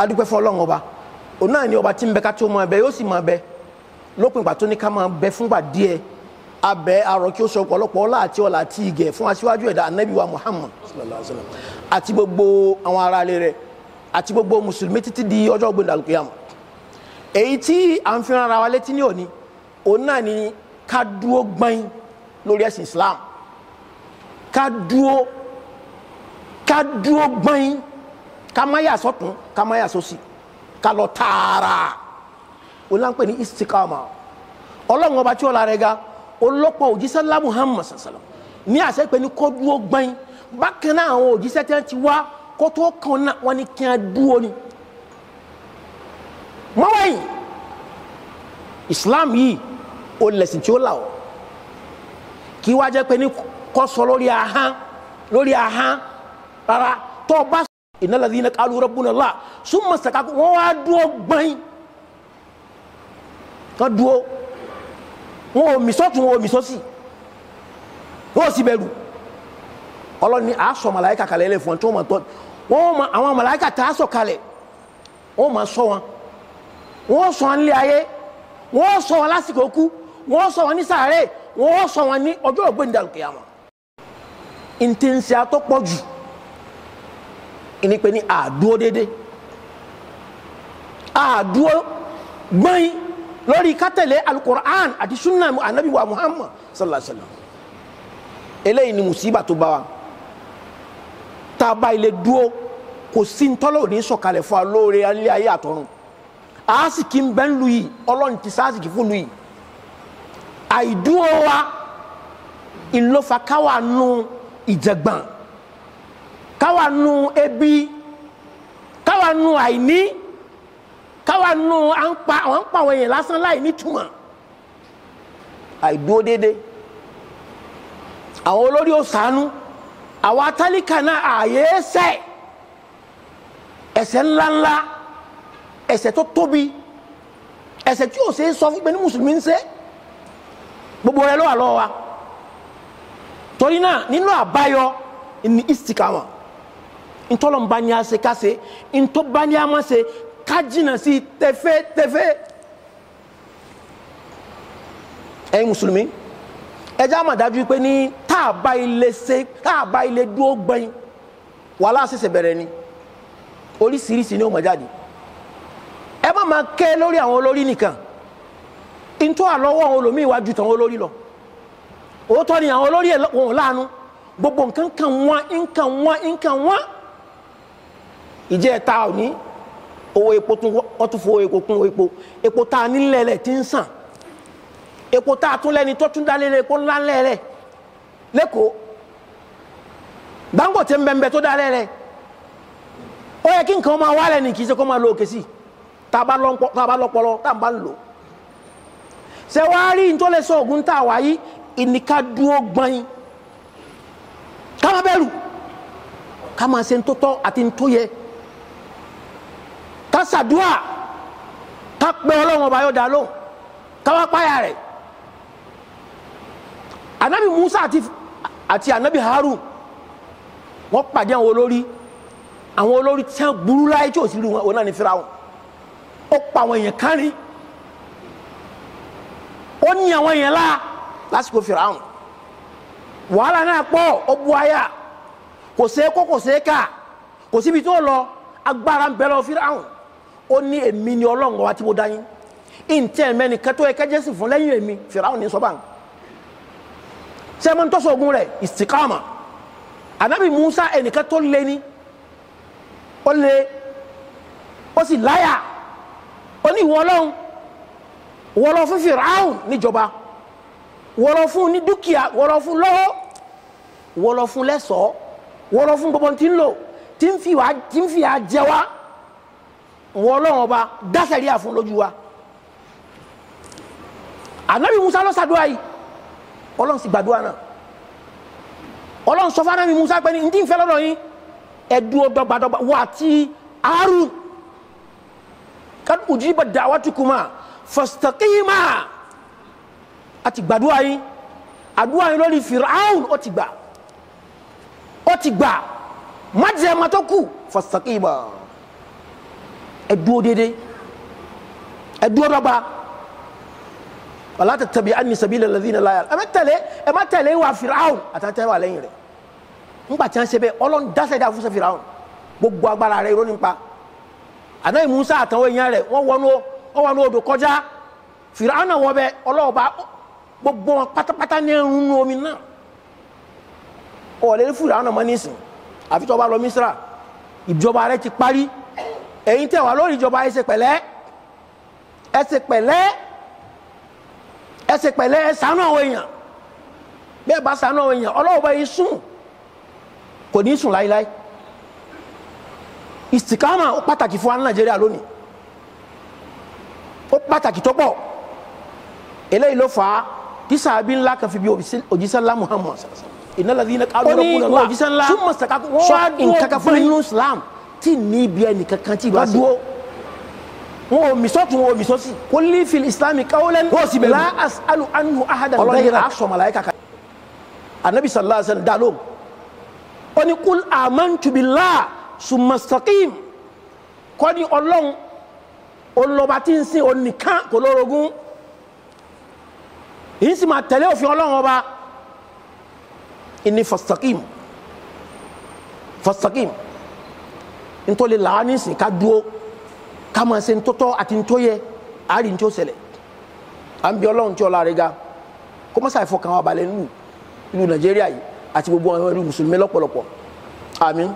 adúpẹ́ fún ọlọ́run ọba òun náà ni ọba tí ń bẹ ká tó máa bẹ yóò sì máa bẹ lópin ìgbà tó ní ká máa bẹ fúngbà díẹ̀ abẹ arọ kí ó sọ ọ̀pọ̀lọpọ̀ ọlá àti ọlá àti ìgẹ̀ fún aṣíwájú ẹ̀dá anábìwá Muhammad àti gbogbo àwọn ará ilé rẹ̀ àti gbogbo mùsùlùmí títí di ọjọ́ ògbóǹda lùkìyàmù èyí tí à ń fi ránra wa létí ní òní òun náà ni ká dúó gbọ́n lórí ẹ̀sìn Islam ká dúó ká dúó gbọ́n Kamaya má kamaya sọ́tún ká má yà sósì ká lọ tààrà o là ń pè ní istikama ọlọ́run ọba tí ó la rẹ̀ ga olópọ̀ òjíṣẹ́ ńlá muhammad sàlám ní àṣẹ pé ní kó dúró gbẹ́yìn bákan náà àwọn òjíṣẹ́ tí wọ́n ti wá kó tó kàn náà wọ́n ní kí ni. mọ́wáyìn islam yìí o lẹ̀sìn tí ó là ọ́ kí wá jẹ́ pé ní kó lórí ahán lórí ahán rárá tó o innal ladhina qalu rabbuna Allah summa istaqamu wọ́n wá dúró gbọ́n kan dúró wọn ò mí sọ́tún wọn ò mí sọ́sì wọn ò sì bẹ̀rù ọlọ́run ni àásọ màláìka kalẹ̀ ẹlẹ́fọ̀ wọn tí wọ́n máa tọ́ wọn ma àwọn màláìka tá a sọ kalẹ̀ wọn máa sọ wọn wọn sọ wọn nílé ayé wọn sọ wọn lásìkò kú wọn sọ wọn ní sàárè wọn sọ wọn ní ọjọ́ ògbéǹdàlùkìyàmọ̀ ìtẹ̀nsẹ̀ àtọ́pọ̀ jù ní pé ní àdúró dede àdúró gbọ́n lórí kátẹ̀lé alukur'an àti sunna anabi wa muhammad sallallahu alayhi wa sallam eléyìí ni musiba tó bá wa tá a bá ilé dúró kò sí ntọ́lọ́ òní sọ̀kalẹ̀ fún wa lóore alẹ́ ayé àtọ̀run aásìkí ń bẹ́ ń lu yìí ọlọ́run ti sáásìkí fún lu yìí àìdúró wa ìlọ́fà nu ìjẹ̀gbọ́n káwa nu ebi káwa nu àìní káwa nu à ń pa àwọn ń pa àwọn èèyàn lásán láì nítumọ̀ àìdúró dédé àwọn olórí ò ṣàánú àwọn atálíkà náà ààyè ẹsẹ̀ ẹ̀ṣẹ̀ ńláńlá ẹ̀ṣẹ̀ tó tóbi ẹ̀ṣẹ̀ tí ò ṣe sọ fún pé mùsùlùmí ń ṣe gbogbo rẹ̀ ló wà lọ́wọ́ wa torí náà nínú àbáyọ ní istikama ntɔlɔn ba ni a se ka se ntɔ ma se ka jina si tɛfɛ tɛfɛ ẹ ye musulumi ẹ jẹ́ àmàdájú pé ní tá a bá ilé se tá a bá ilé dúró gbẹ̀yìn wàhálà ṣẹ̀ṣẹ̀ bẹ̀rẹ̀ ni oríṣiríṣi ni ó máa jáde ẹ má máa ké lórí àwọn olórí nìkan ntọ́ àlọ́wọ́ àwọn olómi ìwájú tàn olórí lọ òótọ́ ni àwọn olórí ẹ̀ wọ̀n gbogbo nǹkan kan wọ́n nǹkan wọ́n nǹkan ìjẹ́ ta òní owó epo tún wọ́n tún fowó epo kún epo epo tá a nílẹ̀lẹ̀ ti ń sàn epo tá a tún lẹ́ni tó tún dálé epo ńlá lẹ́rẹ̀ lẹ́kọ̀ọ́ Dangote mbẹ́mbẹ́ tó dálé rẹ̀ ó yẹ kí nǹkan máa wálẹ̀ ní kì í ṣe kó máa lo òkè sí tá a bá lọ́pọlọ tá a bá ń lò ṣe wá rí n tó lè sọ ògùn tá a wáyé ìníká dúró gbọ́n ká má bẹ̀rù ká máa ṣe ń tó tọ́ àti ń tó yẹ ká ṣàdúrà ká pé ọlọ́run ọba yóò dá lóhùn ká wá páyà rẹ̀ anabi musa àti àti anabi harun wọ́n pàdé àwọn olórí àwọn olórí tí wọ́n burú láyé tí ò sí wọn òun náà ní firaun ó pa àwọn èèyàn kárí ó ní àwọn èèyàn lá lásìkò firaun wàhálà náà pọ̀ ó bu aya kò sí kó kò sí ká kò síbi tó lọ agbára ń bẹ lọ firaun ó ní èmi ni ọlọ́run wa tí mo dá yín ìǹtẹ́ mẹ́ni kẹtọ́ ẹ kẹjẹ́ sì fún lẹ́yìn èmi fìràwọn ní sọ́bà sẹ́mọ́n tọ́sọ̀ ogun rẹ̀ ìsìkáàmà Musa ẹnìkan tó lé ní ó lé ó sì láyà ó ní ìwọ ọlọ́run wọ́n lọ fún fìràwọn níjọba wọ́n lọ fún ní dúkìá wọ́n lọ fún lọ́wọ́ wọ́n fún lẹ́sọ̀ọ́ wọ́n fún gbogbo tí ń lò tí ń fi wá jẹ wá wọn ọlọ́run ọba dásẹ̀rí àfún lójú wa ànábì musa ló ṣàdúrà yìí ọlọ́run sì gbàdúrà náà ọlọ́run sọ fún ànábì musa pé ní ndí ìfẹ́ lọ́dọ̀ yín ẹ̀dùn ọ̀dọ́gbàdọ́gba wà àti àárù kad ujiba da'watukuma fastaqima àti gbàdúrà yín àdúrà yín lórí firaun ó ti gbà ó ti gbà májèmá tó kù fastaqima ẹ dúró déédéé ẹ dúró dọ́gba wàlá tẹ̀tẹ̀bi ani sabila alladhina la ya'lamun ẹ má tẹ̀lé ẹ má tẹ̀lé wa Fir'aun àtàtẹ̀ wà lẹ́yìn rẹ̀ ńgbà tí wọ́n ṣe bẹ́ẹ̀ Ọlọ́run dáṣẹ́ dá fún Fir'aun gbogbo agbára rẹ̀ irọ́ nípa ànáyì Musa àtàwọn èèyàn rẹ̀ wọ́n wọnú wọ́n wọnú odò kọjá Fir'aun náà wọ bẹ ọlọ́ọ̀ba gbogbo wọn pátápátá ní ẹrù nínú omi náà ọ̀ọ́lẹ́lẹ́fù Fir'aun náà mọ́ nísìn àfitọ́ bá lọ Mísírà ìjọba rẹ̀ ti parí ẹ̀yin tẹ̀ wá lórí ìjọba ẹ ṣe pẹ̀lẹ́ ẹ ṣe pẹ̀lẹ́ ẹ ṣe pẹ̀lẹ́ ẹ ṣàánú àwọn èèyàn bẹ́ẹ̀ bá ṣàánú àwọn èèyàn ọlọ́wọ́ bá yín sùn kò ní sùn láíláí ìsìkámà ó pàtàkì fún wa ní Nàìjíríà lónìí ó pàtàkì tó pọ̀ eléyìí ló fà á tí sàbí ńlá kan fi bí òjíṣẹ́ ńlá Muhammad ìnáladí iná kárọ̀ ọ̀rọ̀ kúlọ̀ ńlá súnmọ̀ sàkákó wọ́n wá nǹkan fún Islam tí ní ibi ẹnì kankan tí ìbá dúró wọn ò misọ́tún wọn ò misọ́sí. kò lè fi islami kawulẹ̀ ní la asalu anu ahada bẹ́ẹ̀ a sọ malayika kan. anabi sallallahu alaihi wa sallam dalo ó ní kul amantu billah sumastaqim kọ́ ni ọlọ́run olọba tí ń sin onìkan kò lórogún yìí sì máa tẹ̀lé òfin ọlọ́run ọba inni fastaqim fastaqim ntọ́lẹ̀ làá ní sìn ká dúró ká máa ṣe ntọ́tọ́ àti ntọ́yẹ àárí ntọ́ ṣẹlẹ̀ à ń bí ọlọ́run tí ọlá rẹ̀ ga kó má ṣàìfọ́ kan wà balẹ̀ nínú nàìjíríà yìí àti gbogbo àwọn ẹni mùsùlùmí lọ́pọ̀lọpọ̀ àmín